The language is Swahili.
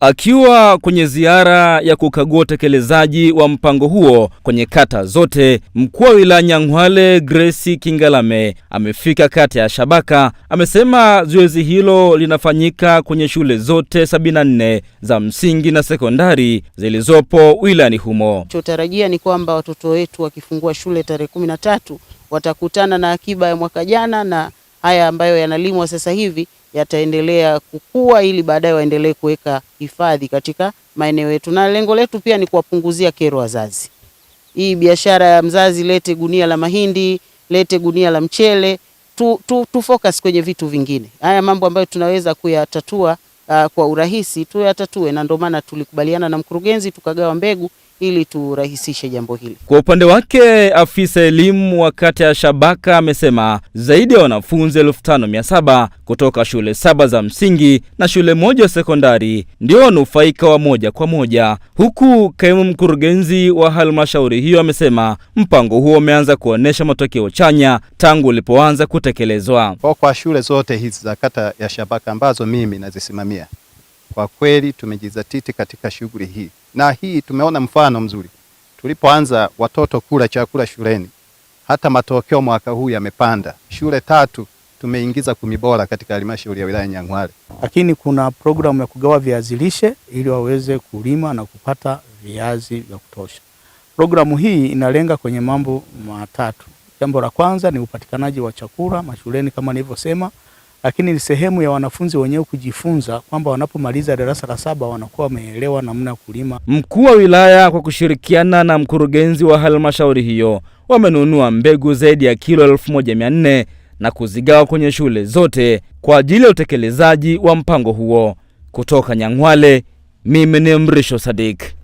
Akiwa kwenye ziara ya kukagua utekelezaji wa mpango huo kwenye kata zote, mkuu wa wilaya Nyang'hwale Grace Kingalame amefika kata ya Shabaka. Amesema zoezi hilo linafanyika kwenye shule zote 74 za msingi na sekondari zilizopo wilayani humo. Tunatarajia ni kwamba watoto wetu wakifungua shule tarehe tatu watakutana na akiba ya mwaka jana na haya ambayo yanalimwa sasa hivi yataendelea kukua ili baadaye waendelee kuweka hifadhi katika maeneo yetu, na lengo letu pia ni kuwapunguzia kero wazazi. Hii biashara ya mzazi, lete gunia la mahindi, lete gunia la mchele, tu, tu, tu focus kwenye vitu vingine. Haya mambo ambayo tunaweza kuyatatua uh, kwa urahisi tuyatatue, na ndio maana tulikubaliana na mkurugenzi tukagawa mbegu ili turahisishe jambo hili. Kwa upande wake, afisa elimu wa kata ya Shabaka amesema zaidi ya wanafunzi elfu tano mia saba kutoka shule saba za msingi na shule moja ya sekondari ndio wanufaika wa moja kwa moja, huku kaimu mkurugenzi wa halmashauri hiyo amesema mpango huo umeanza kuonyesha matokeo chanya tangu ulipoanza kutekelezwa. Kwa, kwa shule zote hizi za kata ya Shabaka ambazo mimi nazisimamia, kwa kweli tumejizatiti katika shughuli hii na hii tumeona mfano mzuri tulipoanza watoto kula chakula shuleni. Hata matokeo mwaka huu yamepanda, shule tatu tumeingiza kumi bora katika halmashauri ya wilaya Nyang'hwale. Lakini kuna programu ya kugawa viazi lishe ili waweze kulima na kupata viazi vya kutosha. Programu hii inalenga kwenye mambo matatu. Jambo la kwanza ni upatikanaji wa chakula mashuleni kama nilivyosema lakini ni sehemu ya wanafunzi wenyewe kujifunza kwamba wanapomaliza darasa la saba wanakuwa wameelewa namna ya kulima. Mkuu wa wilaya kwa kushirikiana na mkurugenzi wa halmashauri hiyo wamenunua mbegu zaidi ya kilo 1400 na kuzigawa kwenye shule zote kwa ajili ya utekelezaji wa mpango huo. Kutoka nyangwale mimi ni Mrisho Sadik.